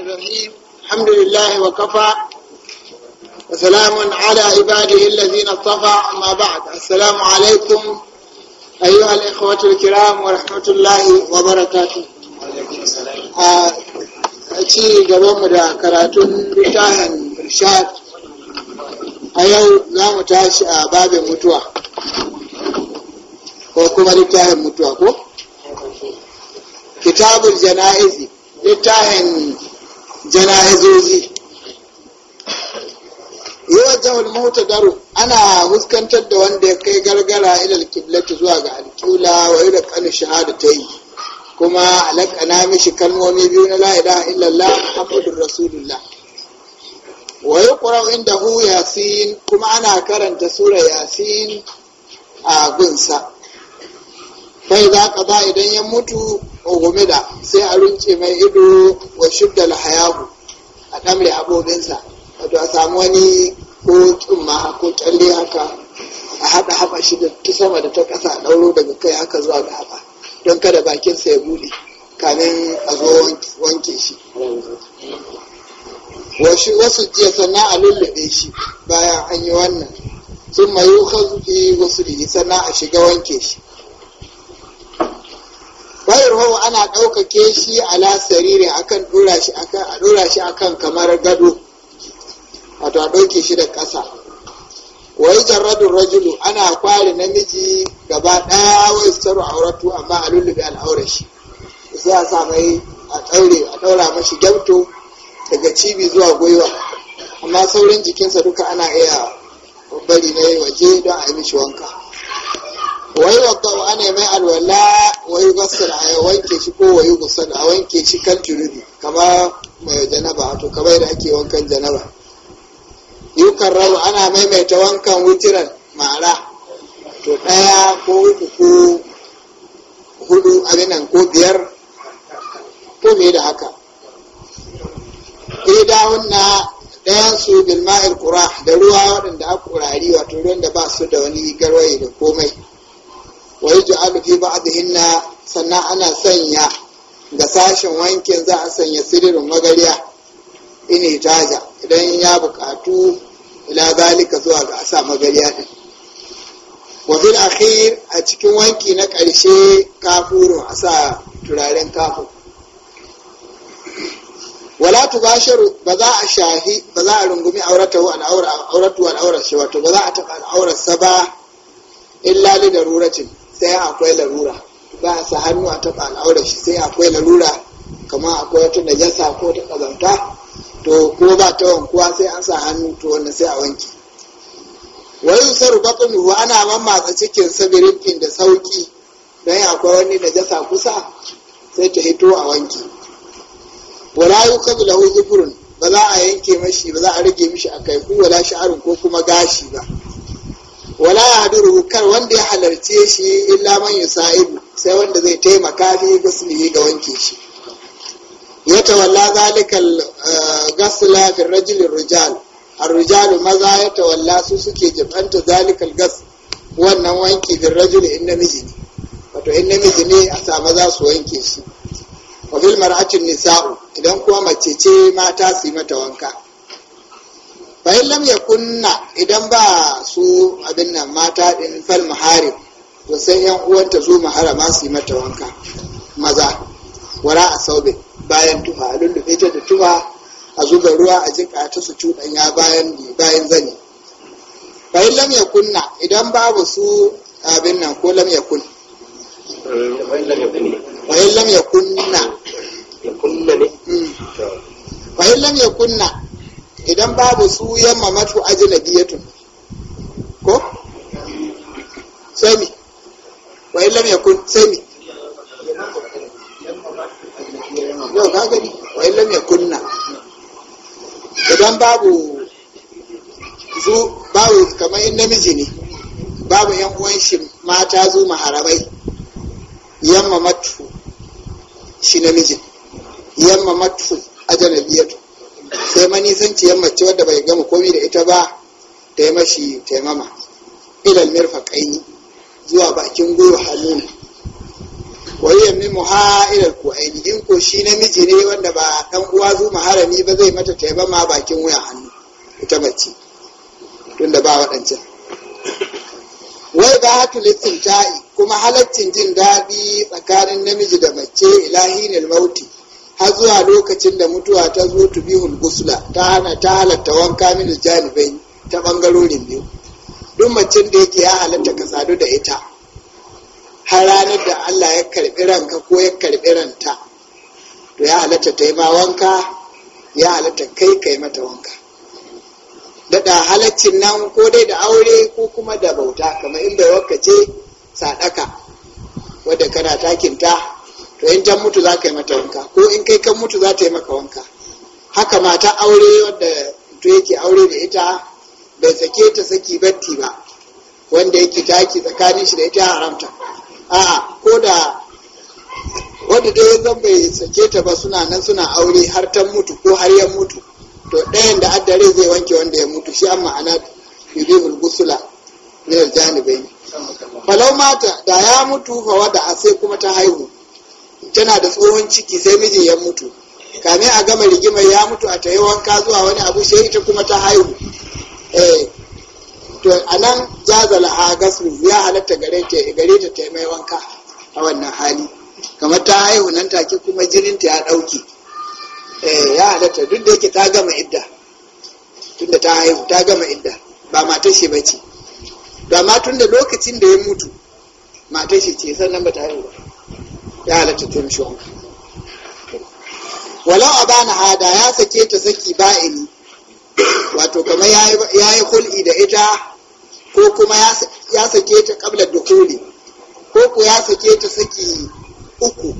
الرحيم الحمد لله وكفى وسلام على عباده الذين اصطفى أما بعد السلام عليكم أيها الإخوة الكرام ورحمة الله وبركاته ci gabanmu da karatun littafin a yau za tashi a babin mutuwa ko kuma littafin jana'izi littafin jana'izozi yawan jawal mota daro ana fuskantar da wanda ya kai gargara ilal kiblati zuwa ga alƙula wa ila kanu shahada ta kuma alaƙana mishi kalmomi biyu na la'ida illallah muhammadur rasulullah wa yuqra indahu yasin kuma ana karanta sura yasin a gunsa fai za ka ba idan ya mutu ogumida sai a rince mai ido wa shidda lahayahu a ɗamre abobinsa wato a samu wani ko tsumma ko kyalle haka a haɗa haɓa shi da ta sama da ta ƙasa a ɗauro daga kai haka zuwa ga haɓa don kada bakinsa ya buɗe kamin a zo wanke shi wasu jiya sannan a lullube shi bayan an yi wannan sun mayu zuke wasu sannan a shiga wanke shi wayar ana ɗaukake shi ala sariri akan ɗora shi a kan kamar gado wato a ɗauke shi da ƙasa wai jarradun rajulu ana kware namiji gaba ɗaya wai saru auratu amma a lullube al'aurar shi sai a sa mai a ɗaure a ɗaura mashi gyamto daga cibi zuwa gwiwa amma saurin jikinsa duka ana iya bari na waje don a yi mishi wanka wai wadda ana mai alwala wai gasar a wanke shi ko wai gusar a wanke shi kan turidi kama mai janaba to kamar da ake wankan janaba yukan rabu ana maimaita wankan wutiran mara to ɗaya ko uku ko hudu abinan ko biyar ko me da haka idahun na ɗayan su bilma'ir kura da ruwa waɗanda a kurari wato ruwan da ba su da wani garwaye da komai wa yi ju'alu fi ba'dihinna sannan ana sanya ga sashen wankin za a sanya siririn magariya ini taja idan ya buƙatu ila zalika zuwa ga asa magariya din wa bil akhir a cikin wanki na ƙarshe kafurun asa turaren kafu. wala tubashiru ba za a shahi ba za a rungumi an auratahu al'auratu al'aurar shi wato ba za a taɓa al'aurar sa ba illa li daruratin sai akwai larura ba a sa hannu a taɓa al'aurar shi sai akwai larura kamar akwai wata najasa ko ta ƙazanta to ko ba ta wankuwa sai an sa hannu to wannan sai a wanke wayu saru ruwa ana mamatsa cikin sabirin da sauki don akwai wani najasa kusa sai ta hito a wanke wala yu lahu zuburun ba za a yanke mashi ba za a rage mishi a ko wala sha'arun ko kuma gashi ba wala ya haduru kan wanda ya halarce shi illa man yusa'idu sai wanda zai taimaka fi guslihi ga wanke shi ya tawalla zalikal eh, gasla fi rajulin rijal ar-rijal maza ya tawalla su suke jibanta zalikal gas wannan wanki fi rajul in namiji ne wato in namiji ne a sa maza su wanke shi wa fil mar'atin nisa'u idan kuma mace ce mata su yi mata wanka bayan lam ya kunna idan ba su abin nan mata din fal muharib to sai yan uwanta su maharama su yi mata wanka maza wara a saube bayan tufa a lullufe ta da tufa a zuba ruwa a jika ta su cuɗanya bayan bayan zani bayan lam ya kunna idan babu su abin nan ko lam ya kun bayan lam ya kunna bayan mm. lam ya kunna idan babu su yamma matu ajnabiyatun ko sami wa illam yakun kun sami yau ka gani wa illam kunna idan babu zu babu kamar yin namiji ne babu yan uwan shi mata zu maharamai yamma matu shi namijin ba ta yi mashi taimama ilal kaini zuwa bakin gwiwa hannu wa min muha'ilal ku'aini in ko shi namiji ne wanda ba ɗan uwa zu maharami ba zai mata taimama bakin wuya hannu ita mace tunda ba waɗancan wai ba haka littin ta'i kuma halaccin jin daɗi tsakanin namiji da mace ilahinil mauti har zuwa lokacin da mutuwa ta zo tubihul gusula ta hana ta halatta wanka min janibai ta bangarorin biyu duk macin da yake ya halatta ka sadu da ita har ranar da Allah ya karbi ranka ko ya karbi ranta to ya halatta ta yi ma wanka ya halatta kai ka yi mata wanka daɗa halaccin nan ko dai da aure ko kuma da bauta kamar inda wakace sadaka wadda kana takinta to in jan mutu za ka yi mata wanka ko in kai kan mutu za ta yi maka wanka haka mata aure wadda to yake aure da ita bai sake ta saki batti ba wanda yake taki tsakanin shi da ita haramta a'a ko da wanda dai zan bai sake ta ba suna nan suna aure har ta mutu ko har 'yan mutu to ɗayan da addare zai wanke wanda ya mutu shi amma ana yudhibul gusula min aljanibain falau mata da ya mutu fa wada sai kuma ta haihu tana da tsohon ciki sai mijin ya mutu kame a gama rigimar ya mutu a tayi wanka zuwa wani abu sai ita kuma ta haihu eh to anan jazal ha gasu ya halatta gare ta gare ta ta mai wanka a wannan hali kamar ta haihu nan take kuma jinin ta ya dauke eh ya halatta duk da yake ta gama idda tunda ta haihu ta gama idda ba matar shi bace ba ma tunda lokacin da ya mutu matar shi ce sannan ba ta haihu ba ya halatta ta mishi wanka walau a bana hada ya sake ta saki ba'ini wato kamar ya yi hul'i da ita ko kuma ya sake ta kabla da koli ko ku ya sake ta saki uku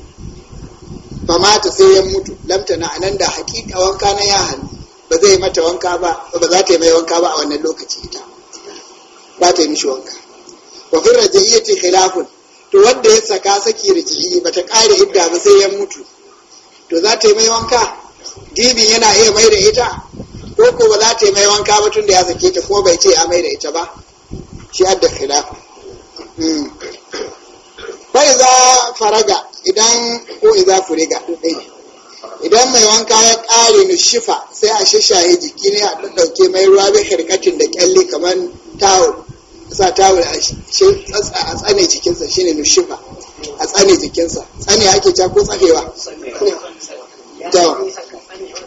ba mata sai ya mutu lamta na anan da hakika wanka na ya hannu ba zai mata wanka ba ba za ta yi mai wanka ba a wannan lokaci ita ba ta yi mishi wanka wa fi raja'iyyati khilafun to wanda ya saka saki ba ta kare idda ba sai ya mutu to za ta yi mai wanka dibin yana iya mai da ita ko ko ba za ta yi mai wanka ba tun da ya sake ta ko bai ce ya mai da ita ba shi adda khilaf bai hmm. za faraga idan ko iza furiga idan mai wanka ya kare ni shifa sai a shishaye jiki ne a ɗauke mai ruwa bi hirkatin da kyalle kamar tawo sa tawul a tsane jikinsa shine nushifa a tsane jikinsa tsane ake ca ko tsanewa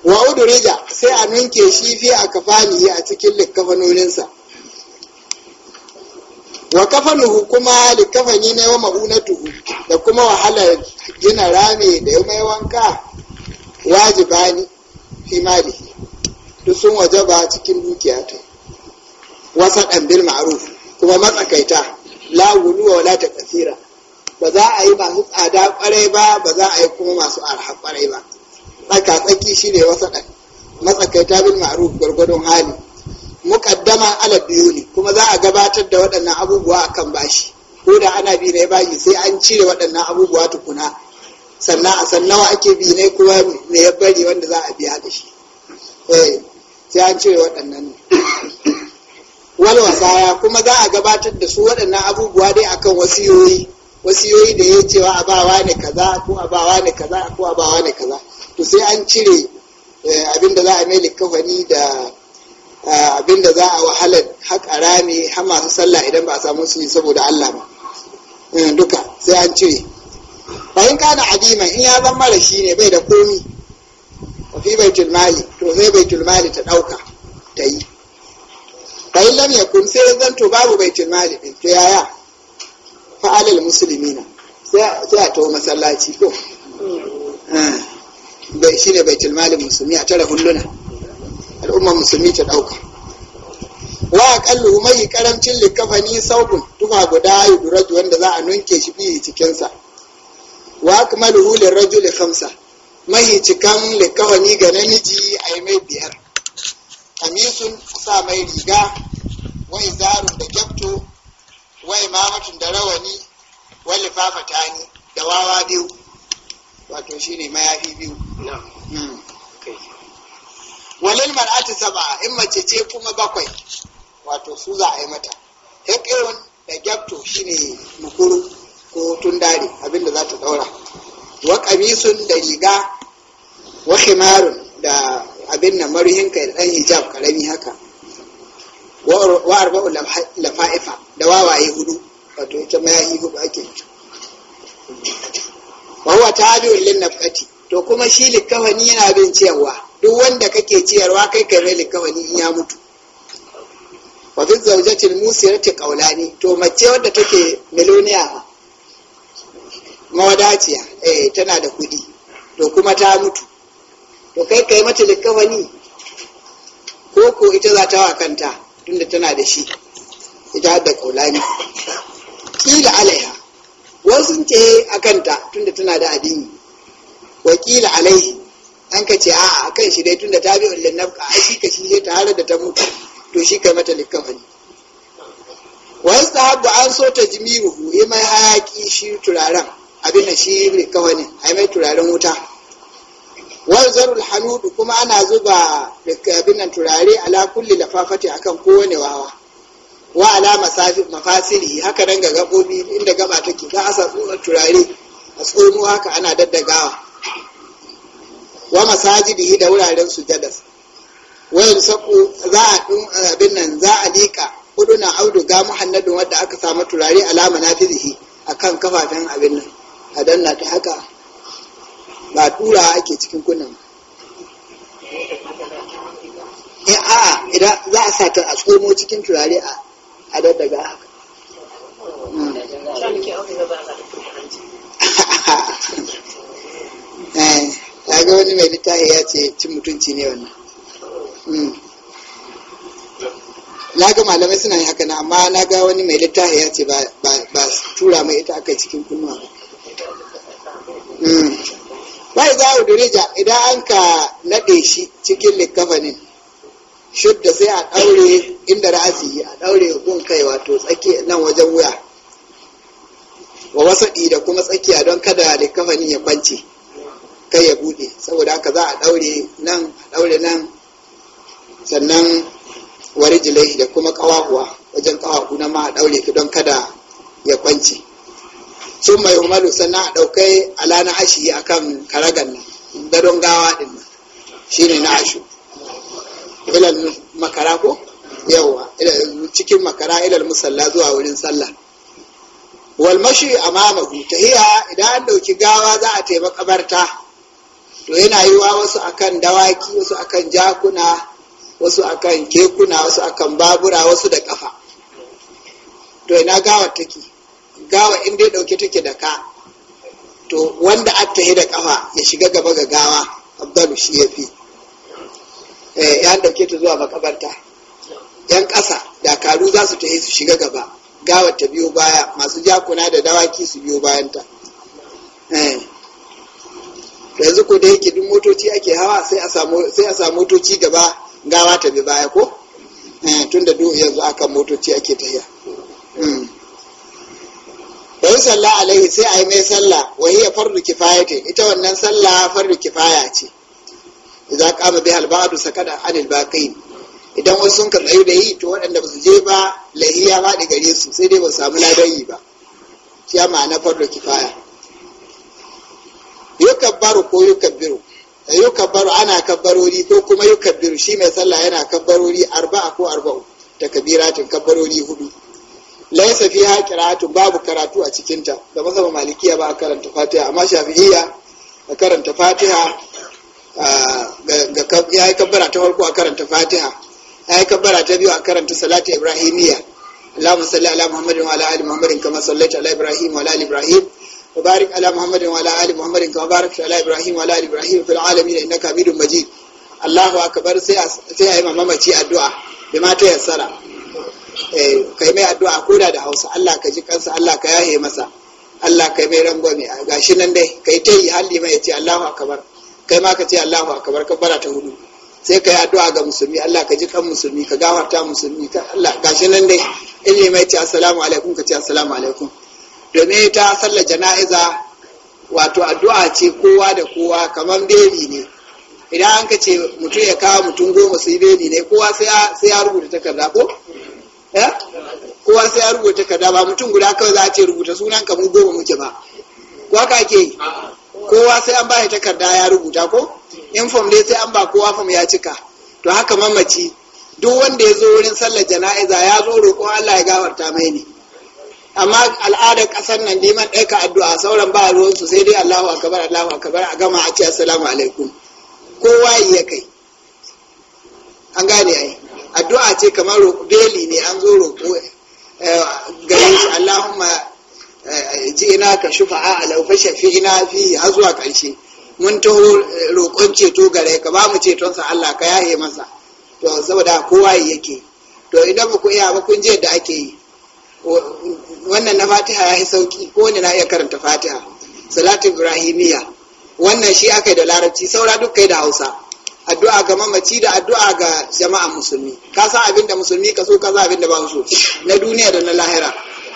wa udurija sai a ninke shi fi a kafani a cikin likafanoninsa wa kafanuhu kuma likkafani ne wa ma'unatuhu da kuma wahalar gina rami da yi mai wanka wajibani fi mali duk sun ba cikin dukiya ta wasa ɗan bil kuma matsakaita la wuluwa wala ta kasira ba za a yi masu tsada kwarai ba ba za a yi kuma masu arha kwarai ba tsaka tsaki shi shine wasa matsakaita bin ma'ruf gwargwadon hali muqaddama ala ne kuma za a gabatar da waɗannan abubuwa a kan bashi ko da ana bi ne bayi sai an cire waɗannan abubuwa tukuna sannan a sannawa ake bi ne kuma me ya bari wanda za a biya da shi eh, sai an cire waɗannan ne Walwasa wasaya kuma za a gabatar da su waɗannan abubuwa dai akan wasiyoyi wasiyoyi da ya cewa a bawa ne kaza ko a bawa ne kaza ko a bawa ne kaza to sai an cire eh, abin da za a mai likafani da eh, abin da za a wahalar haƙa rami har masu sallah idan ba a samu su yi saboda Allah ba eh, duka sai an cire bayan kana adima in ya zama mara shi ne bai da komi fi baitul mali to sai baitul mali ta ɗauka ta yi fa in lam yakun sai ya zanto babu baitul mali din to yaya fa alal muslimina sai sai a tawo masallaci ko eh. bai shine baitul mali musulmi a tara hulluna al'ummar musulmi ta dauka wa aqallu mai karamcin likafani saubun tufa guda yuduraju wanda za a nunke shi bi cikin sa wa akmalu lirajuli khamsa mai cikan likafani ga namiji ai mai biyar qamisun sa mai riga wa izarun da kyafto wa imamatun da rawani wa lifafatani da wawa biyu wato shine mayafi biyu hmm. walil mar'ati sab'a in mace ce kuma bakwai wato su za a yi mata hekirun da gyabto shine mukuru ko tundare abinda za ta daura wa kamisun da riga wa himarun da abin nan marihinka da ɗan hijab karami haka wa arba'u lafa'ifa da wawaye hudu wato ita mayahi hudu ake wa huwa tabi'un lin nafati to kuma shi likawani yana bin ciyarwa duk wanda kake ciyarwa kai kai mai likawani in ya mutu wa fi zawjatil musirati qawlani to mace wadda take miloniya mawadaciya eh tana da kudi to kuma ta mutu to kai kai mata likafani ko ko ita za ta wa kanta tunda tana da shi ita da kaulani kila alaiha wasu ce a kanta tunda tana da addini wakila alaihi an ka ce a'a kan shi dai tunda ta bi ullin nafka a shi ka shi ne ta har da ta mutu to shi kai mata likafani wasu ta habu an so ta jimiru yi mai hayaki shi turaren abin da shi likafani yi mai turaren wuta wazarul hanudu kuma ana zuba binan turare ala kulli lafafati akan kowane wawa wa ala mafasili haka nan ga gabobi inda gaba take ka asa turare a tsoro haka ana daddagawa wa masajidi da wuraren su jadas. wa yusaku za a abin nan za a liƙa hudunan auduga muhannadin wadda aka samu turare alama na akan kafafen abin nan a danna ta haka ba tura ake cikin kunan ba eh, a idan za a sata a tsomo cikin turare a a daga haka hmm. eh, ga wani mai littafi ya ce cin mutunci ne wannan hmm. na ga malamai suna yi haka na amma na ga wani mai littafi ya ce ba tura mai ita aka cikin kunnuwa ba hmm. bai za a dirija idan an ka naɗe shi cikin likafanin shudda sai a ɗaure inda ra'asi a ɗaure gun kai wato tsakiya nan wajen wuya wa wasaɗi da kuma tsakiya don kada likafanin ya kwance kai ya buɗe saboda haka za a ɗaure nan a ɗaure nan sannan warijilai da kuma ƙawahuwa wajen ƙawahu na ma a ɗaure don kada ya kwance sun mai umaru sannan a ɗaukai lana ashi a kan karagan nan gadon gawa ɗin nan shi ne na ashu ilal makara ko yawa cikin makara ilal musalla zuwa wurin sallah wal mashi ta tahiya idan an ɗauki gawa za a taimaka barta to yana yi wa wasu akan dawaki wasu akan jakuna wasu akan kekuna wasu akan babura wasu da kafa to ina gawar take gawa in dai dauke take da ka to wanda attahi da kafa ya shiga gaba ga gawa abdalu shi ya fi eh, ya dauke ta zuwa makabarta yan ƙasa dakaru za su tahi su shiga gaba Gawa ta biyo baya masu jakuna da dawaki su biyo bayanta eh. yanzu ko da yake duk motoci ake hawa sai a samu motoci gaba gawa ta bi baya ko eh, tun da duk yanzu akan motoci ake tahiya hmm. wa yi sallah alaihi sai a yi mai sallah wa hiya fardu kifayatin ita wannan sallah fardu kifaya ce Za idza qama bihal ba'du sakada anil baqin idan wasu sun karɓi da yi to waɗanda ba su je ba lahiya ba da gare su sai dai ba samu ladayi ba shi ya ma'ana fardu kifaya kabbaru ko kabbaru ana kabbarori ko kuma kabbiru shi mai sallah yana kabbarori arba'a ko arba'u takabiratin kabbarori hudu laisa fi ha kiratun babu karatu a cikinta da mazhabin malikiya ba a karanta fatiha amma shafi'iyya a karanta fatiha ya yi kabbara ta farko a karanta fatiha ya yi kabbara ta biyu a karanta salatu ibrahimiya allahumma salli ala muhammadin wa ala ali muhammadin kama sallaita ala ibrahim wa ala ali ibrahim wa barik ala muhammadin wa ala ali muhammadin kama barakta ala ibrahim wa ala ali ibrahim fil alamin innaka hamidun majid allahu akbar sai a sai a mamaci addu'a Bima ma ta yassara Eh, ka yi mai addu'a ko da hausa Allah ka ji kansa Allah ka yaye masa Allah ka yi mai rangwame gashi nan dai ka yi ta yi halli mai ce Allahu akabar kai ma ka ce Allahu akabar ka bara ta hudu sai ka yi addu'a ga musulmi Allah ka ji kan musulmi ka gafarta musulmi ka Allah gashi nan dai in mai ce assalamu alaikum ka ce assalamu alaikum domin ta sallar jana'iza wato addu'a ce kowa da kowa kamar beli ne idan an ka ce mutum ya kawo mutum goma su yi beli ne kowa sai ya rubuta takarda ko Eh? kowa sai ya rubuta kada ba mutum guda kawai za a ce rubuta sunan ka mu goma muke ba ko haka ke kowa sai an ba shi takarda ya rubuta ko in fam dai sai an ba kowa fam ya cika to haka mamaci duk wanda ya zo wurin sallar jana'iza ya zo roƙon Allah ya gafarta mai ne amma al'adar ƙasar nan man ɗauka addu'a sauran ba ruwan su sai dai Allahu akbar Allahu akbar a gama a ce assalamu alaikum kowa ya kai an gane ai addu'a ce kamar roƙo beli ne an zo roƙo eh, gare shi Allahumma eh, ina ka a alau fa shafi'ina fi har zuwa ƙarshe mun taho eh, roƙon ceto gare ka ba mu ceton sa Allah ka yaye masa to saboda kowa yake to idan ba ku iya ba kun je da ake yi wannan na Fatiha ya yi sauki ko wani na iya karanta Fatiha salatu Ibrahimiyya. wannan shi aka yi da larabci saura duk kai da Hausa addu'a ga mamaci da addu'a ga jama'a musulmi ka san abin da musulmi ka so ka san abin da ba so na duniya da na lahira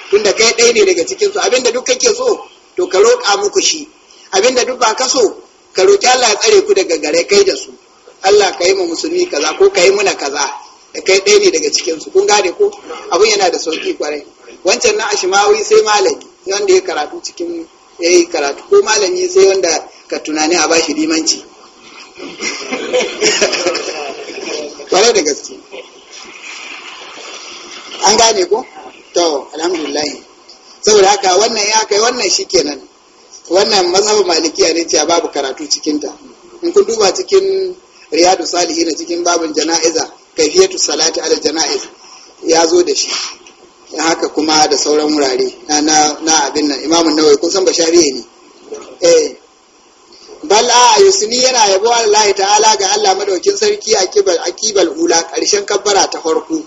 tunda kai ɗaya ne daga cikin su abin da duk kake so to ka roƙa muku shi abin da duk ba ka so ka roƙi Allah ya tsare ku daga gare kai da su Allah ka yi ma musulmi kaza ko ka yi muna kaza da kai ɗaya ne daga cikin su kun gane ko abun yana da sauki kwarai wancan na ashimawi sai malami wanda ya karatu cikin ya yi karatu ko malami sai wanda ka tunani a bashi limanci kwarai da gaske an gane ko to alhamdulillah saboda haka wannan ya kai wannan shi kenan. wannan mazhabin malikiya ne cewa babu karatu cikinta. in kun duba cikin riyadu Salihi na cikin babin jana'iza kaifiyatu salati ala jana'iz ya zo da shi haka kuma da sauran wurare na abin nan imamun nawai kun san bashariye ne eh bal a yusni yana yabo Allah ta'ala ga Allah madaukin sarki a kibal akibal ula karshen kabbara ta farko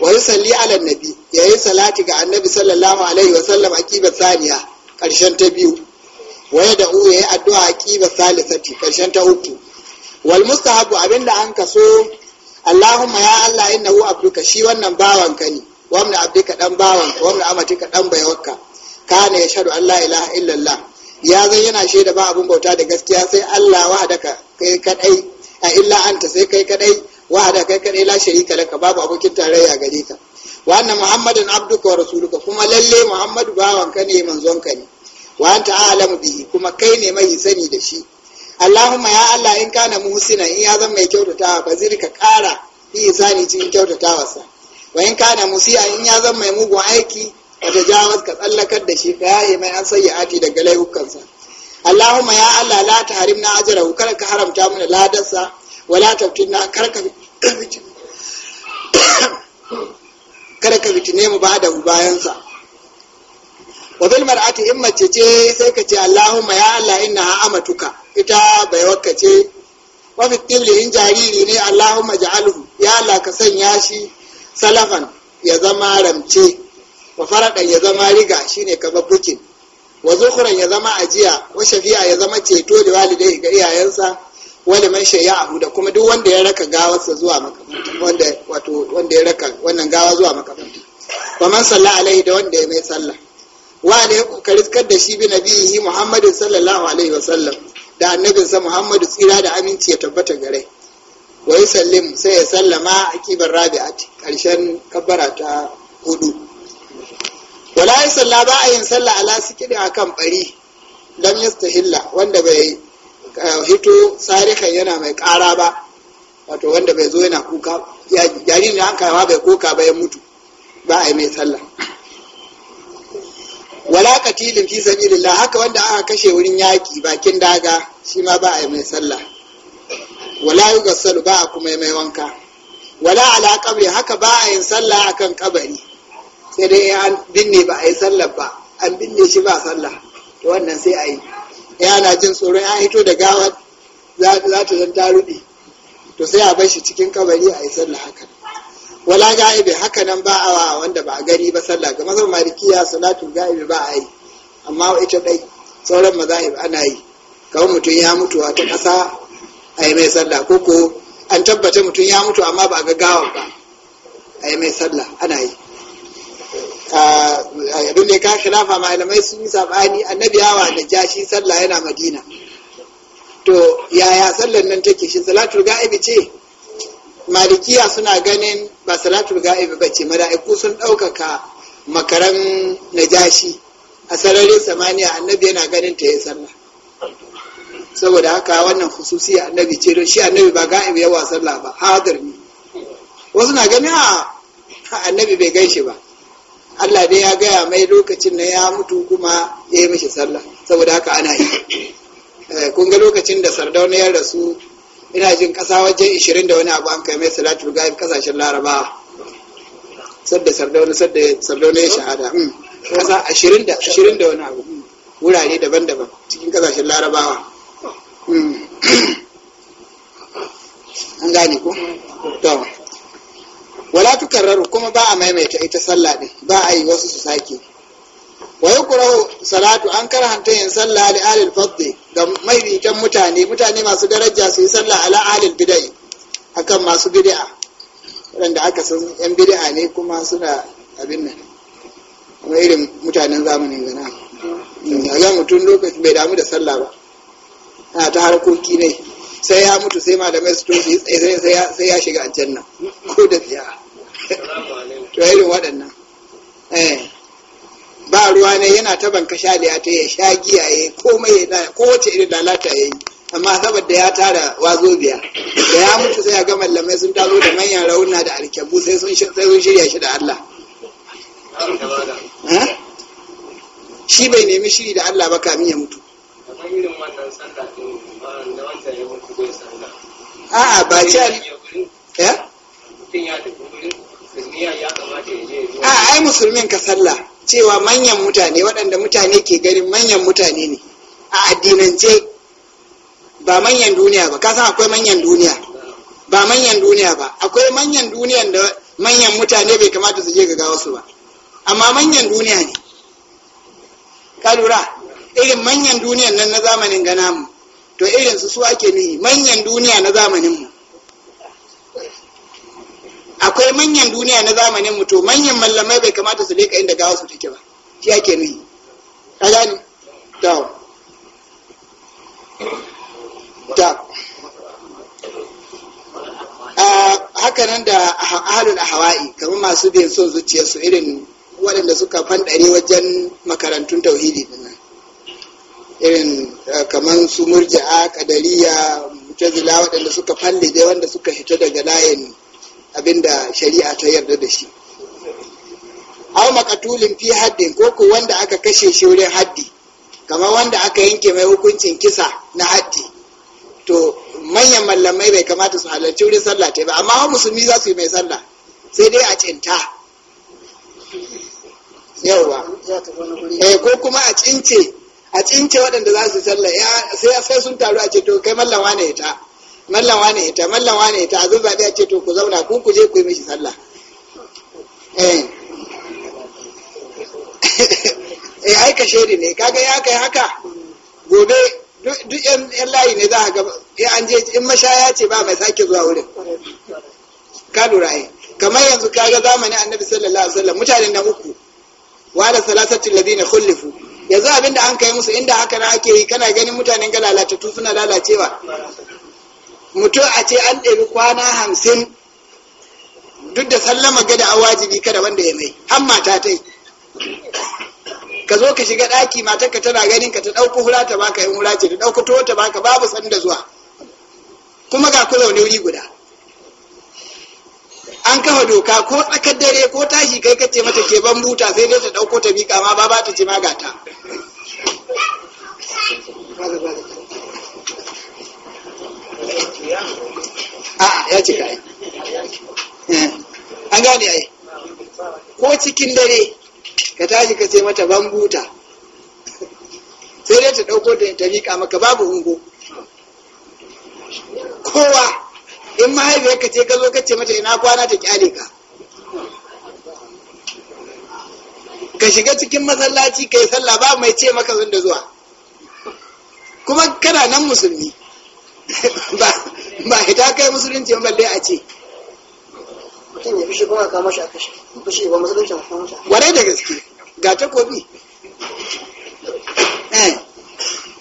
wa yusalli ala nabi yayi salati ga annabi sallallahu alaihi wa sallam akibal saniya karshen ta biyu wa yad'u yayi addu'a akibal salisati karshen ta uku wal mustahabu abinda an kaso Allahumma ya Allah innahu abduka shi wannan bawanka ne wa min abdika dan bawanka wa min amatika dan bayawka kana yashhadu an la ilaha illallah ya zai yana shaida ba abin bauta da gaskiya sai Allah wahadaka kai kadai a illa anta sai kai kadai wahada kai kadai la sharika laka babu abokin tarayya gare ka wa anna muhammadan abduka wa rasuluka kuma lalle muhammadu bawanka ne ka ne wa anta a'lamu bihi kuma kai ne mai sani da shi Allahumma ya Allah in kana muhsinan in ya zan mai kyautatawa fa zirka kara bi isani cikin kyautatawarsa wa in kana musi'a in ya zan mai mugun aiki wata jawaz ka tsallakar da shi fa yayi mai an ati daga laifukansa Allahumma ya Allah la tahrimna ajrahu kar ka haramta mana ladarsa wala taftinna kar ka kar ka fitine mu ba da bayansa wa bil ati, in mace ce sai ka ce Allahumma ya Allah inna amatuka ita bai wakka ce wa fi tibli in jariri ne Allahumma ja'alhu ya Allah ka sanya shi salafan ya zama ramce wa ya zama riga shine kamar bukin wa zukuran ya zama ajiya wa shafi'a ya zama ceto da walidai ga iyayensa wani man a da kuma duk wanda ya raka gawarsa zuwa makabarta wanda wato wanda ya raka wannan gawa zuwa makabarta wa man salla alaihi da wanda ya mai sallah wa ne ka riskar da shi bi nabihi muhammadin sallallahu alaihi wa sallam da annabinsa muhammadu tsira da aminci ya tabbata gare wa sallim sai ya sallama akibar rabi'ati karshen kabbara ta hudu wala yi sallah ba a yin sallah ala sikiri a kan bari lam yastahilla wanda bai eh, hito sarikan yana mai ƙara ba wato wanda bai zo yana kuka jaririn an kama bai kuka ba ya mutu ba a yi mai sallah wala katilin fi sabilillah haka wanda aka kashe wurin yaki bakin daga shi ma ba a yi mai sallah wala yugassalu ba a kuma yi mai wanka wala ala kabri haka ba a yin sallah akan kabari sai dai an binne ba a yi sallah ba an binne shi ba sallah to wannan sai a yi yana jin tsoron ya hito da gawar za ta zan ta ruɗe to sai a bar shi cikin kabari a yi sallah haka wala ga'ibi haka nan ba a wanda ba a gani ba sallah ga mazan malikiya salatu ga'ibi ba a yi amma ita dai sauran mazahib ana yi kawai mutum ya mutu a ta ƙasa a yi mai sallah ko ko an tabbata mutum ya mutu amma ba a ga gawar ba a yi mai sallah ana yi abin da ya khilafa malamai sun yi sabani annabi yawa da jashi sallah yana madina to yaya sallar nan take shi salatul ga'ibi ce malikiya suna ganin ba salatul ga'ibi ba ce mala'iku sun ɗaukaka makaran najashi a sararin samaniya annabi yana ganin ta ya sallah saboda haka wannan hususi annabi ce don shi annabi ba ga'ibi yawa sallah ba hadir ne wasu na ganin a annabi bai gaishe ba Allah dai ya gaya mai lokacin na ya mutu kuma ya yi mishi sallah saboda haka ana yi eh, kun ga lokacin da sardauna ya rasu ina jin ƙasa wajen ishirin da wani abu an kai mai salatul gaib kasashen larabawa sadda sardauna sadda sardauna ya shahada hmm. ƙasa ashirin da ashirin da wani abu hmm. wurare daban-daban cikin kasashen larabawa hmm. an gane ko to wala tukarraru kuma ba a maimaita ita sallah din ba a yi wasu su sake wa yukrahu salatu an karhanta yin sallah li alil fadli ga mairitan mutane mutane masu daraja su yi sallah ala alil bid'ah akan masu bid'a waɗanda aka san yan bid'a ne kuma suna abin nan kuma irin mutanen zamanin gana mm, a ga mutum lokacin bai damu da sallah ba ana ta harkoki ne sai ya mutu sai malamai su to sai ya shiga a aljanna ko da biya to waɗannan eh ba ruwa ne yana ta banka ya ta ya sha giyaye komai ya kowace irin lalata ya yi amma saboda ya tara wazo biya da ya mutu sai ga mallamai sun tazo da manyan rauna da alkyabu sai sun shirya shi da Allah eh? shi bai nemi shiri da Allah ba kamin ya mutu a'a ba ce ya a ai musulmin ka sallah cewa manyan mutane waɗanda mutane ke ganin manyan mutane ne a addinance ba manyan duniya ba kasan akwai manyan duniya ba manyan duniya ba akwai manyan duniya da manyan mutane bai kamata su je ga wasu ba amma manyan duniya ne ka lura irin manyan duniyan nan na zamanin gana mu to irin su su ake nihi manyan duniya na zamanin mu akwai manyan duniya na zamanin mu manyan mallamai bai kamata su leka inda gawa su take ba shi ake nuhi ka gani to ta ah, haka nan da ahalul hawa'i kamar masu bin son zuciyarsu irin waɗanda suka fanɗare wajen makarantun tauhidi nan irin ah, kamar su murja'a kadariya mutazila waɗanda suka falle dai wanda suka hito daga layin abinda shari'a ta yarda da shi aw makatulin fi haddin ko ko wanda aka kashe shi wurin haddi kamar wanda aka yanke mai hukuncin kisa na haddi to manyan mallamai bai kamata su halarci wurin sallah ta ba amma wa musulmi za su yi mai sallah sai dai a cinta yawa eh ko kuma a cince a cince waɗanda za su sallah sai sun taru a ce to kai mallama ne ta Mallam wane ita Mallam wane ita abin ba ɗaya ce to ku zauna ku ku je ku yi mishi sallah eh eh aika shedi ne kaga ya kai haka gobe duk yan layi ne za a ga in eh, an je in mashaya ce ba mai sake zuwa wurin ka lura eh kamar yanzu kaga zamanin annabi sallallahu alaihi wasallam mutanen nan uku wala salasatul ladina khulifu yanzu abinda an kai musu inda haka na ake yi kana ganin mutanen ga tu suna lalacewa mutum a ce an ɗari kwana hamsin duk da sallama gada a wajibi kada wanda ya mai har mata ta yi ka zo ka shiga ɗaki matar ka tana ganin ka ta ɗauko hula ta baka yin hula ce ta ɗauko tuwo ta baka babu san zuwa kuma ga ku zaune wuri guda an kafa doka ko tsakar dare ko tashi kai kace mata ke ban buta sai dai ta ɗauko ta bika ma ba ba ta ce ma a ah, ya cika ai eh, an gane ai ko cikin dare ka tashi ka ce mata buta sai dai ta ɗauko da ta miƙa maka babu ungo kowa in mahaifiyar ka ce ka zo ka ce mata ina kwana ta kyale ka ka shiga cikin masallaci ka yi sallah ba mai ce maka zan zuwa kuma kana nan musulmi ba ita kai musulunci balle a ce mutum ya a kashe ba ware da gaske ga takobi eh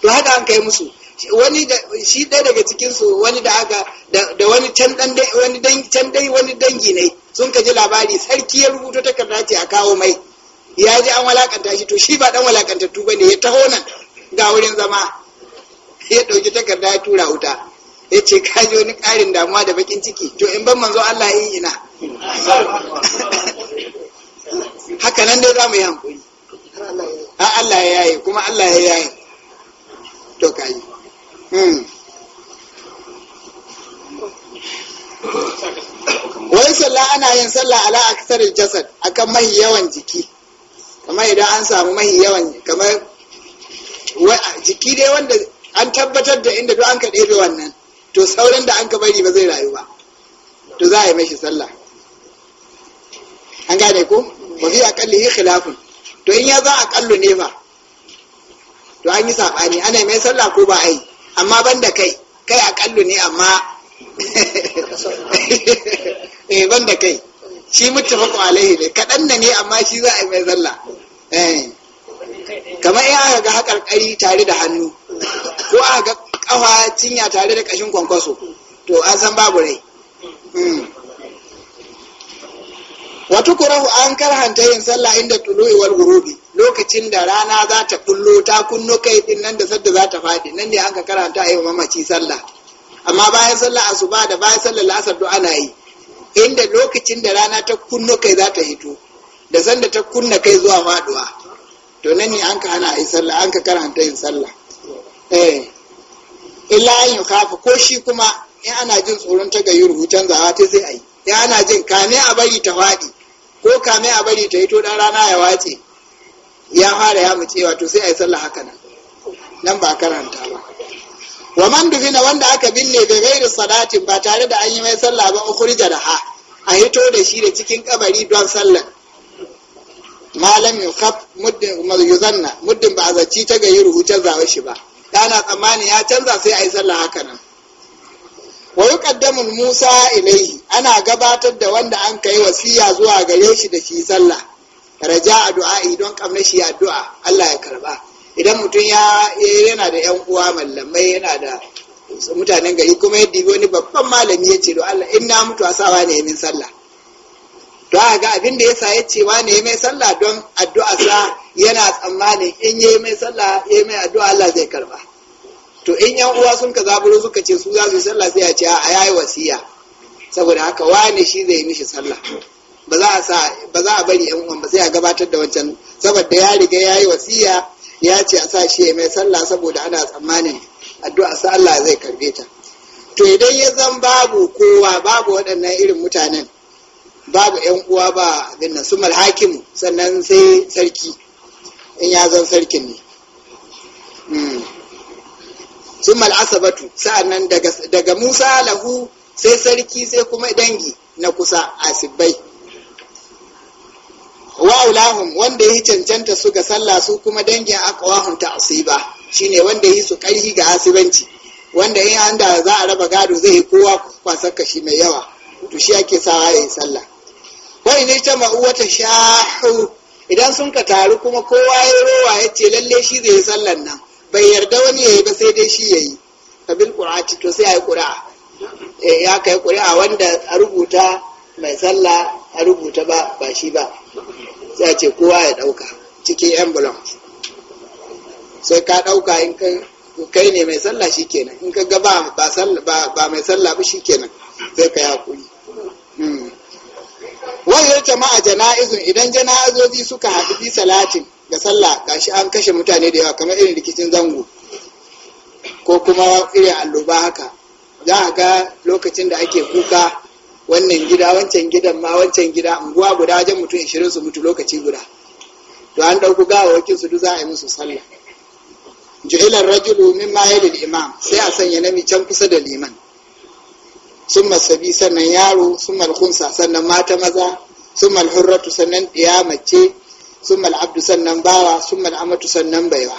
to haka an kai musu wani da shi ɗaya daga cikinsu wani da aka da wani can dai wani dangi ne sun kaji labari sarki ya rubuto takarda ce a kawo mai ya ji an walakanta shi to shi ba dan walakantattu ne ya taho nan ga wurin zama ya ɗauki takarda ya tura wuta ya ce ka ji wani ƙarin damuwa da bakin ciki to in ban manzo Allah yin ina haka nan dai za mu yi hankuri a Allah ya yaye kuma Allah ya yaye to ka yi hmm. wai sallah ana yin sallah ala aksar jasad akan mahi yawan jiki kamar idan an samu mahi yawan kamar jiki dai wanda an tabbatar da inda duk an ka ɗebe wannan to sauran da an ka bari ba zai rayu ba to za a yi mashi sallah an gane ko ba fi akalli yi khilafun to in ya za a kallu ne ba to an yi saɓani ana mai sallah ko ba a yi amma ban da kai kai a kallu ne amma eh ban da kai shi muttafaqu alaihi ne kaɗan na ne amma shi za a yi mai sallah eh. kamar in aka ga haƙarƙari tare da hannu ko a ga kafa cinya tare da kashin kwankwaso to an san babu rai hmm. wata kurahu an karhanta yin sallah inda tulu'i wal gurubi lokacin da rana za ta kullo ta kunno kai din nan da sadda za ta fadi nan ne an ka karanta a yi mamaci sallah amma bayan sallah asuba da bayan sallah la'asar do ana yi inda lokacin da rana ta kunno kai za ta hito da sanda ta kunna kai zuwa faduwa to nan ne an ka hana yi sallah an ka karanta yin sallah eh yin kafa ko shi kuma in ana jin tsoron ta gayi rubutan zawa ta sai ai in ana jin kame a bari ta faɗi ko kame a bari ta to dan rana ya wace ya fara ya mu cewa to sai yi sallah haka nan nan ba karanta ba wa man dufina wanda aka binne bai gairi salatin ba tare da an yi mai sallah ba ukhrija da ha a hito da shi da cikin kabari don sallah malam yukhaf muddin yuzanna muddin ba a zaci ta gayi rubutan zawa shi ba dana tsammani ya canza sai a yi sallah haka nan wa yuqaddamu Musa ilaihi ana gabatar da wanda an kai wasiya zuwa gare shi da shi sallah raja addu'a don kamar shi addu'a Allah ya karba idan mutum ya yana da yan uwa mallamai yana da mutanen gari kuma yadda wani babban malami ya ce do Allah in na mutu asawa ne min sallah za ga abin da yasa ya ce wa ne mai sallah don addu'a sa yana tsammanin in yi mai sallah ya mai addu'a Allah zai karba to in yan uwa sun ka zaburo suka ce su za su sallah sai a ce a yayi wasiya saboda haka ne shi zai mishi sallah ba za a sa ba bari yan uwan ba sai a gabatar da wancan saboda ya riga yayi wasiya ya ce a sa shi ya mai sallah saboda ana tsammanin addu'a sa Allah zai karbe ta to idan ya zan babu kowa babu waɗannan irin mutanen babu yan uwa ba dinna su malhakim sannan sai sarki in ya zan sarkin ne hmm. sun mal'asabatu sa'an nan daga musa lahu sai sarki sai kuma dangi na kusa asibai wa'ulahum wanda yi cancanta su ga sallah su kuma dangin ta asiba shine wanda yi su karhi ga asibanci wanda in an da za a raba gado zai yi kowa kwasar kashi mai yawa to shi ake sawa ya yi sallah ne ta ijtama'u wa sha'u idan sun ka taru kuma kowa ya rowa ya ce lalle shi zai yi sallan nan bai yarda wani ya yi ba sai dai shi ya yayi fabil qur'ati to sai ayi yi ƙura'a eh, ya kai ƙura'a wanda a rubuta mai sallah a rubuta ba ba shi ba sai a ce kowa ya ɗauka cikin envelope sai ka ɗauka in ka kai ne mai sallah kenan in ka ga ba mai sallah ba kenan sai ka yi haƙuri. Hmm. wahiyar jama'a jana'izun idan jana'azozi suka haɗu bi salatin da sallah gashi an kashe mutane da yawa kamar irin rikicin zango ko kuma irin alloba haka za a ga lokacin da ake kuka wannan gida wancan gidan ma wancan gida unguwa guda wajen mutum ishirin su mutu lokaci guda to an ɗauku gawawakin su duk za a yi musu sallah ju'ilar rajulu min ma yadda imam sai a sanya nami can kusa da liman sun masabi sannan yaro sun malhunsa sannan mata maza sun malhurratu sannan ɗiya mace sun mal'abdu sannan bawa sun mal'amatu sannan baiwa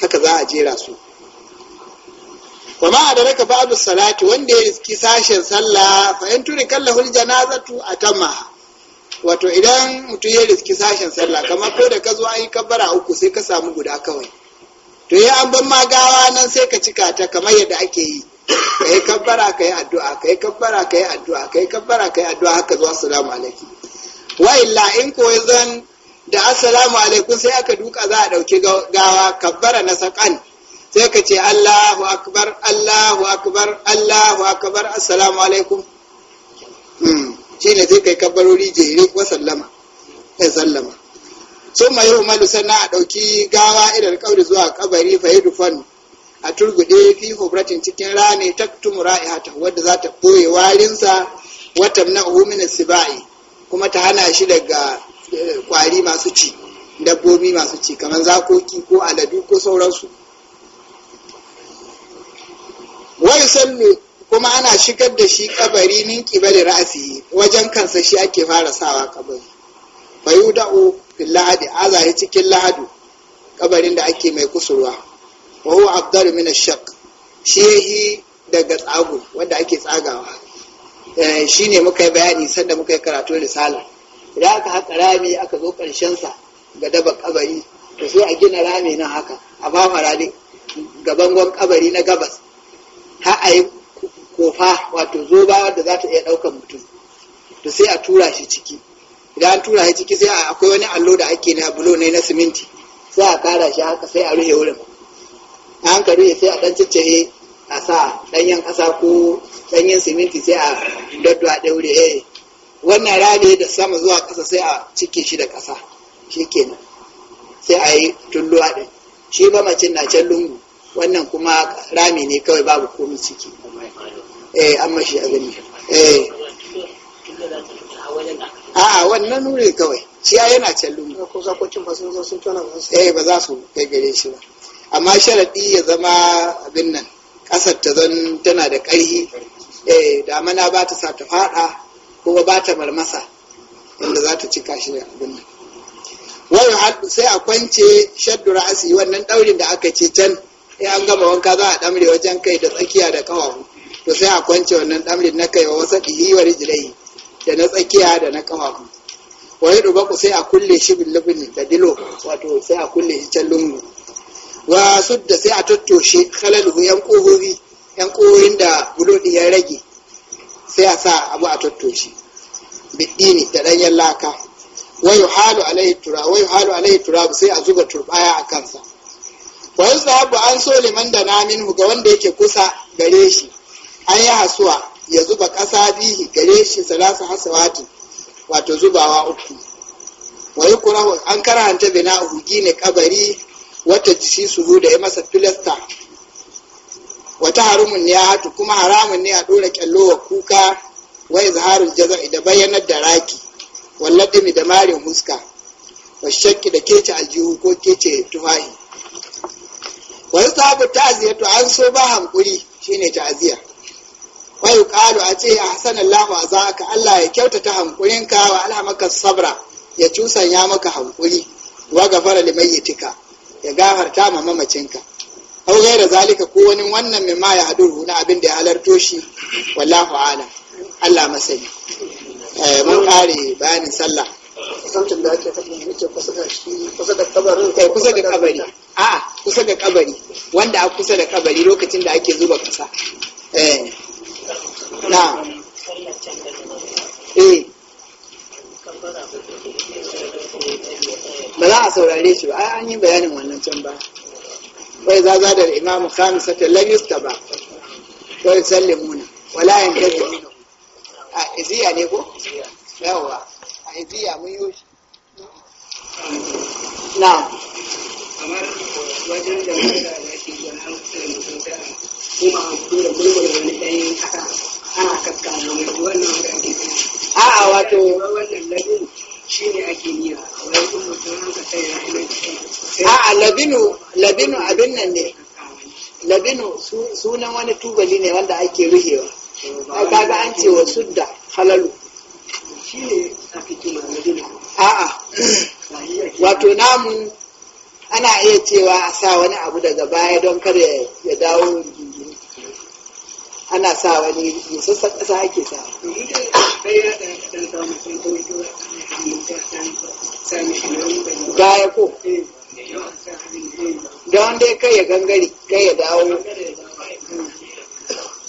haka za a jera su wa ma adraka ba'du salati wanda ya riski sashen sallah fa in turika a janazatu atama wato idan mutum ya riski sashen sallah kamar ko da ka zo an yi kabbara uku sai ka samu guda kawai to ya an ban magawa nan sai ka cika ta kamar yadda ake yi ka yi kabbara ka yi addu'a ka yi kabbara ka yi addu'a ka yi kabbara ka yi addu'a haka zuwa salamu alaikum wa illa in ko zan da assalamu alaikum sai aka duka za a ɗauki gawa kabbara na saƙan sai ka ce allahu akbar allahu akbar allahu akbar assalamu alaikum hmm, shi ne sai kai kabbarori jere wa sallama ya sallama sun mai yi umaru sannan a ɗauki gawa idan kauri zuwa kabari fa fannu a turgude fi hubratin cikin rami taktumu ra'ihata wadda za ta ɓoye warinsa watan na min sibai kuma ta hana shi daga eh, kwari masu ci dabbobi masu ci kamar zakoki ko aladu ko sauransu wai sallu kuma ana shigar da shi kabari min kibali ra'asi wajen kansa shi ake fara sawa kabari bayu da'u fil lahadi azahi cikin lahadu kabarin da ake mai kusurwa wa huwa afdalu min ash-shaq shehi daga tsago wanda ake tsagawa eh, shine muka yi bayani sanda muka yi karatu risala idan aka haƙa rami aka zo ƙarshen sa ga daba kabari to sai a gina rami nan haka a fama rami gaban gwan kabari na gabas ha a yi kofa wato zoba da za ta iya ɗaukar mutum to sai a tura shi ciki idan an tura shi ciki sai akwai wani allo da ake na bulo ne na siminti sai a kara shi haka sai a rufe wurin a hankali sai a ɗan ciccihe a sa ɗanyen ƙasa ko ɗanyen siminti sai a a ɗaure eh wannan rami da sama zuwa ƙasa sai a cike shi da ƙasa shi kenan sai a yi a ɗin shi mamacin na can lungu wannan kuma rami ne kawai babu komi ciki eh amma shi a gani eh a'a wannan nuri kawai shi yana can lungu eh ba za su kai gare shi ba amma sharaɗi ya zama abin nan ƙasar ta zan tana da ƙarhi eh mana ba ta sa ta faɗa kuma ba ta marmasa wanda za ta cika shi abin nan wani sai a kwance shaddu ra'asi wannan ɗaurin da aka ce can in an gama wanka za a ɗamre wajen kai da tsakiya da ƙafafu to sai a kwance wannan ɗamri na kai wa wasa ɗihiwar jirai, da na tsakiya da na ƙafafu wani ɗubaku sai a kulle shi billibin da dilo wato sai a kulle shi can lungu wa sudda sai a tattoshe khalalu yan kohohi yan kohohin da bulodi ya rage sai a sa abu a tattoshe biddini da ɗanyen laka wayu halu alaihi tura wayu halu alaihi tura sai a zuba turbaya a kansa wa abu an so liman da namin ga wanda yake kusa gare shi an yi hasuwa ya zuba ƙasa bihi gare shi salasu hasawati wato zubawa uku wa yi an karanta bina uhu gine kabari wata jisi su da ya masa filasta wata harumin ne ya hatu kuma haramun ne a ɗora kyallo wa kuka wa izharul jaza'i da bayyanar da raki walladimi da marin huska wa shakki da kece aljihu ko kece tufahi wa yusabu to an so ba hankuri shine ta'ziya wa yuqalu a ce za azaka Allah ya kyautata hankurinka wa alhamaka sabra ya cusanya maka hankuri wa gafara limayyitika ya gafarta ma mamacinka au da zalika ko wani wannan mai ma ya haduru na abin da ya halarto shi wallahu alam Allah masani eh, mun kare bayanin sallah kusantin da ake tafi yake eh, kusa da kabari a'a kusa da kabari wanda a kusa da kabari lokacin da ake zuba kasa na eh ba za a saurare shi ba ai an yi bayanin wannan can ba wai za za da imam khamisa ta lamista ba wai sallin sallimuna wala yin da a iziya ne ko yawa a iziya mun yi na kamar wajen da wanda da ke zuwa hausa da mutum da kuma a tura gulgul wani ɗayan haka ana kakkano mai wannan wanda ke a'a wato wannan lalin shi labinu labinu abin nan ne labinu sunan wani tubali ne wanda ake ruhewa kaga an ce wa sudda halalu a'a wato namun ana iya cewa a sa wani abu daga baya don kar ya dawo gingini ana sa wani yusuf ƙasa ake sa ya ko Da wanda ya kai ya gangare kai ya dawo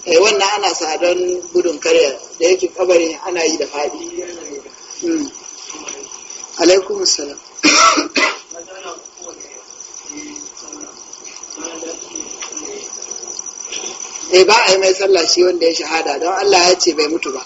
eh wannan ana sa don gudun karya da yake kabarin ana yi da faɗi hmm. alaikum salam eh ba a yi mai sallah shi wanda ya shahada don allah ya ce bai mutu ba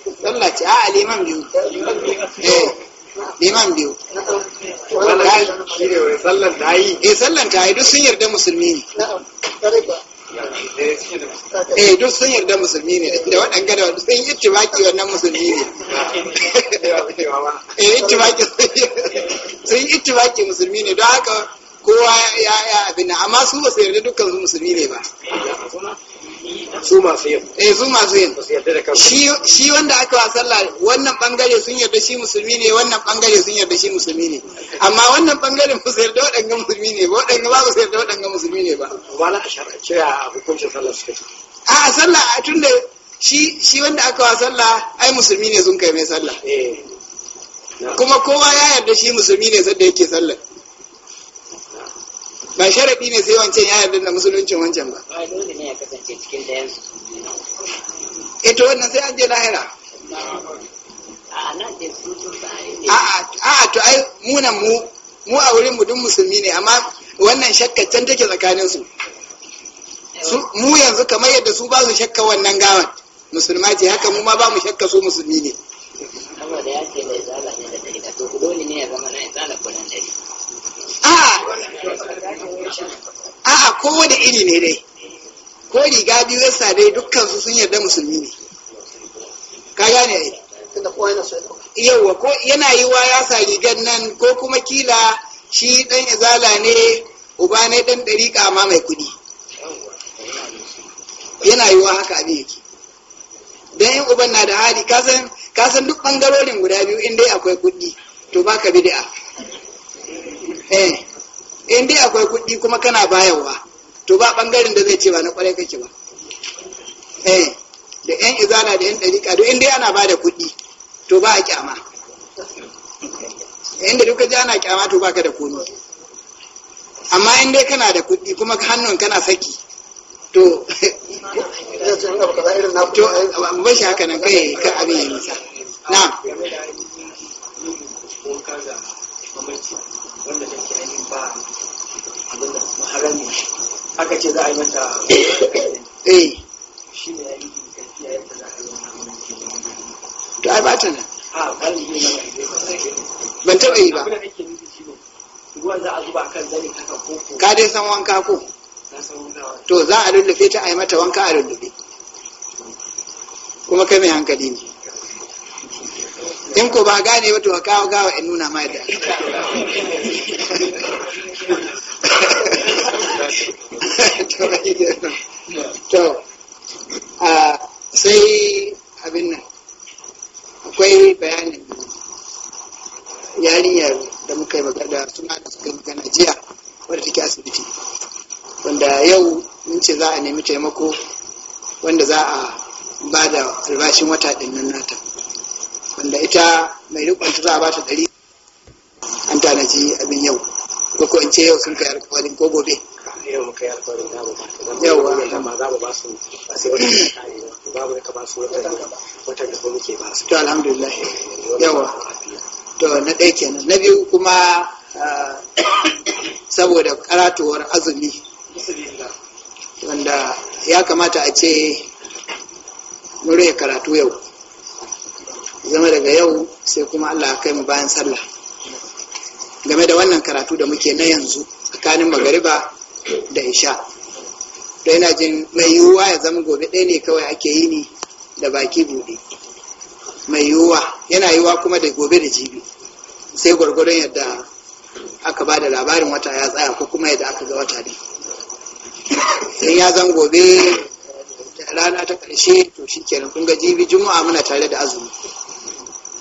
don mace a liman biyu eh liman biyu sallan ta yi eh sallan ta yi duk sun yarda musulmi ne eh duk sun yarda musulmi ne da waɗanga da sun yi ittifaki wannan musulmi ne eh ittifaki sun yi ittifaki musulmi ne don haka kowa ya ya abin amma su ba su yarda dukkan musulmi ne ba su masu yin eh su masu yin shi wanda aka wa sallah wannan bangare sun yarda shi musulmi ne wannan bangare sun yarda shi musulmi ne amma wannan bangaren ba su yarda waɗannan musulmi ne ba waɗannan ba su yarda waɗannan musulmi ne ba ba a shar'ance a hukuncin sallah suke a sallah a tunda shi shi wanda aka wa sallah ai musulmi ne sun kai mai sallah eh. kuma kowa ya yarda shi musulmi ne sadda yake sallah ba sharaɗi ne sai wancan ya yarda da musuluncin wancan ba Ito da yanzu wannan sai an je lahira a'a to ai munan mu mu a wurin mu duk musulmi ne amma wannan shakka can take tsakanin su mu yanzu kamar yadda su ba su shakka wannan gawan musulma ce haka mu ma ba mu shakka su musulmi ne saboda ya ce mai zala ne da dariƙa to dole ne ya zama na ya tsala kullum ɗari? a'a wani iri ne dai ko riga biyu ya sa dai dukkan su sun yarda musulmi ne ka gane ai yauwa ko yana yi wa ya sa rigar nan ko kuma kila shi dan izala ne uba ne dan dariƙa ma mai kuɗi yana yi wa haka abin yake dan yin uban na da hari, kasan duk bangarorin guda biyu in dai akwai kuɗi to baka bid'a eh in dai akwai kuɗi kuma kana bayarwa to ba ɓangaren da zai ce ba na ƙwarai kake ba eh da yan izana da yan ɗariƙa duk inda ana ba da kuɗi to ba a kyama inda duka ji ana kyama to baka da komai amma in dai kana da kuɗi kuma hannun kana saki to to ba shi haka nan kai ka abin yi nisa na wanda ke ainihin ba abinda da maharami aka ce za a yi mata eh. shi ne ya yi gaskiya yadda za a yi wani abin ke wannan to ai ba ta nan ban taɓa yi ba ruwan za a zuba kan zane haka ko ka dai san wanka ko to za a lullufe ta a yi mata wanka a lullufe kuma kai mai hankali ne in ko ba gane ba to ka kawo gawa in nuna mai da to sai abin nan akwai bayanin yarinyar da muka yi magana suna da suka yi magana jiya wadda take asibiti wanda yau mun ce za a nemi taimako wanda za a ba da albashin wata ɗin nan nata wanda ita mai rikon ta za a ba ta ɗari an tanaji abin yau ko ko ce yau sun kai alƙawarin ko gobe yau babu to na ɗaya kenan na biyu kuma ah, saboda karatuwar azumi wanda ya kamata a ce mu karatu yau zama daga yau sai kuma Allah kai mu bayan sallah game da wannan karatu da muke na yanzu tsakanin magariba da isha da yana jin mai yiwuwa ya zama gobe ɗaya ne kawai ake yi ni da baki buɗe mai yiwuwa yana yiwuwa kuma da gobe da jibi sai gwargwadon yadda aka ba da labarin wata ya tsaya ko kuma yadda aka ga wata ne in ya zan gobe da rana ta ƙarshe to shi kenan kun ga jibi juma'a muna tare da azumi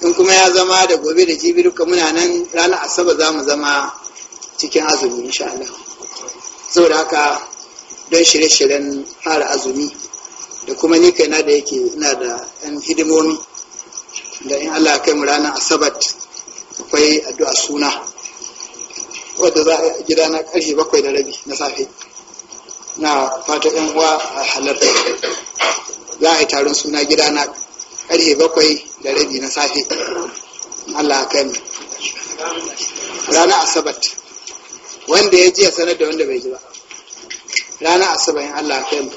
in kuma ya zama da gobe da jibi duka muna nan ranar asaba za mu zama cikin azumi insha Allah saboda haka don shirye-shiryen fara azumi da kuma ni kaina da yake ina da yan hidimomi da in Allah kai mu ranar asabat akwai addu'a suna wadda za a gida na karshe bakwai da rabi na safe na fata yan uwa a halarta za a yi taron suna gida na karfe bakwai da rabi na safe Allah kai mu ranar asabat wanda ya ji ya sanar da wanda bai ji ba ranar asabar in Allah kai mu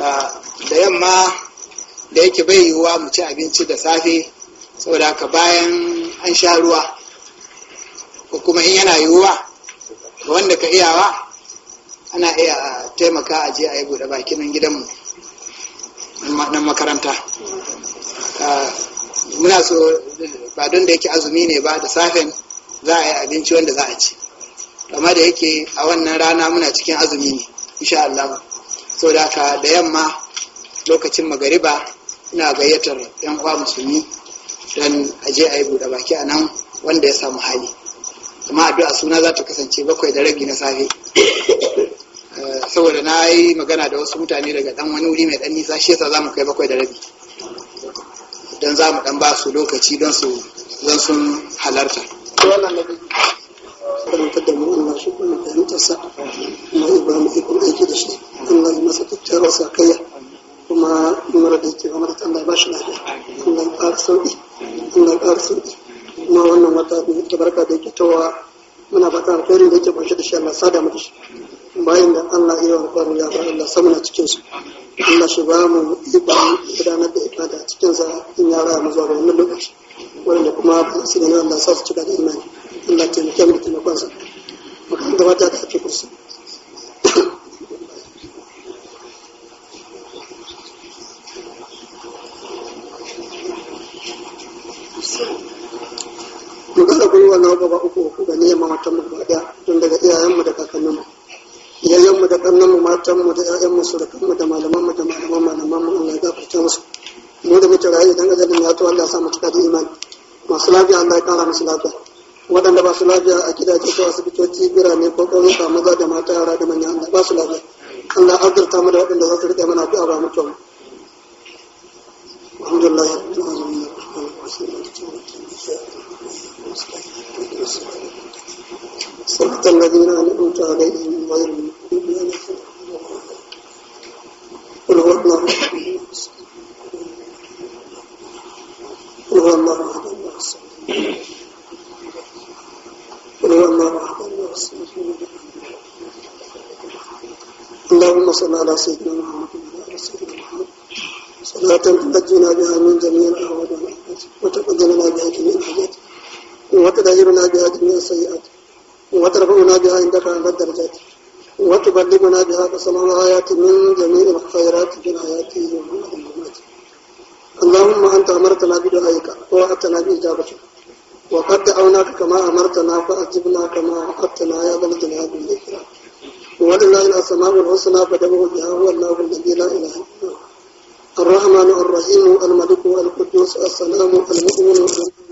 ah, da yamma da yake bai yiwuwa mu ci abinci da safe saboda haka bayan an sha ruwa ko kuma in yana yiwuwa ga wanda ka iyawa ana iya taimaka a je a yi buɗe bakinan gidanmu na makaranta muna so ba don da yake azumi ne ba da safen za a yi abinci wanda za a ci amma da yake a wannan rana muna cikin azumi ne insha Allah so da ka da yamma lokacin magariba ina gayyatar yan uwa musulmi don aje a yi buɗe baki a nan wanda ya samu hali amma addu'a suna za ta kasance bakwai da rabi na safe eh, saboda na yi magana da wasu mutane daga dan wani wuri mai dan nisa shi yasa za mu kai bakwai da rabi Idan za mu dan ba su lokaci don su don sun halarta kuma fahimtarsa ba mu ikon aiki da shi mara da ba shi lafiya ya ƙara sauƙi kuma ya ƙara kuma wannan wata da barka da yake tawa muna da yake ƙunshi da shi Allah sada mu shi bayan da Allah ya wafaru ya ba Allah samuna cikin su Allah shi ba mu ikon gudanar da ibada cikin sa in ya raya mu zuwa ga wannan lokaci wanda kuma ba su gani Allah sa su cika da imani Allah taimake mu da taimakon sa makan gabata da ake kursu Mu kasa gwiwa na gaba uku uku ga neman wata mu tun daga iyayenmu da kakanninmu. iyayenmu da mu matan mu da ƴaƴan mu da kanmu da malaman mu da malaman malaman mu Allah ya gafarta musu mu da muke rayu idan ajalin ya to Allah ya sa mu cika da imani masu lafiya Allah ya kara musu lafiya waɗanda ba su lafiya a gidaje ko asibitoci birane ko ƙauyuka maza da mata yara da manya Allah ba su lafiya Allah ya azurta mu da waɗanda za su riƙe mana addu'a ba mu kyau alhamdulillah صراط الذين أنعمت عليهم اللهم صل على سيدنا محمد وعلى ال سيدنا محمد صلاة تنجينا بها من جميع الأهوال والأحوال وتقدمنا بها جميع الحاجات وتدعينا بها جميع السيئات وترفعنا بها عندك عن الدرجات وتبلغنا بها فصلنا آيات من جميع الخيرات في الآيات والمعلومات اللهم أنت أمرتنا بدعائك ووعدتنا بإجابتك وقد دعوناك كما أمرتنا فأجبنا كما وعدتنا يا ذا الجلال والإكرام ولله الأسماء الحسنى فدعوه بها هو الله الذي لا إله إلا هو الرحمن الرحيم الملك القدوس السلام المؤمن المؤمن